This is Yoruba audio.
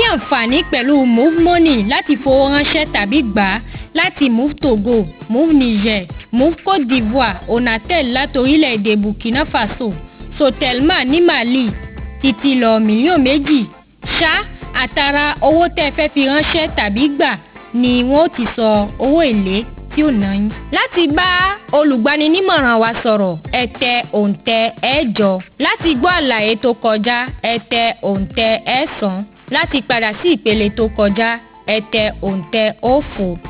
ní àǹfààní pẹ̀lú move money láti fowó ránṣẹ́ tàbí gbà á láti move togo move niger move cote d'ivoire onatel láti orílẹ̀-èdè burkina faso sotelma ní mali títí lọ mílíọ̀n méjì ṣá àtàrà owó tẹ́ fẹ́ fi ránṣẹ́ tàbí gbà ni wọ́n ti sọ owó èlé tí ò ná yín. láti bá olùgbaninímọ̀ràn wa sọ̀rọ̀ ẹ tẹ òǹtẹ̀ ẹ̀jọ láti gbọ́ àlàyé tó kọjá ẹ tẹ òǹtẹ̀ ẹ̀sán. Láti padà sí ìpele tó kọjá, ẹ tẹ òǹtẹ̀ oófòó.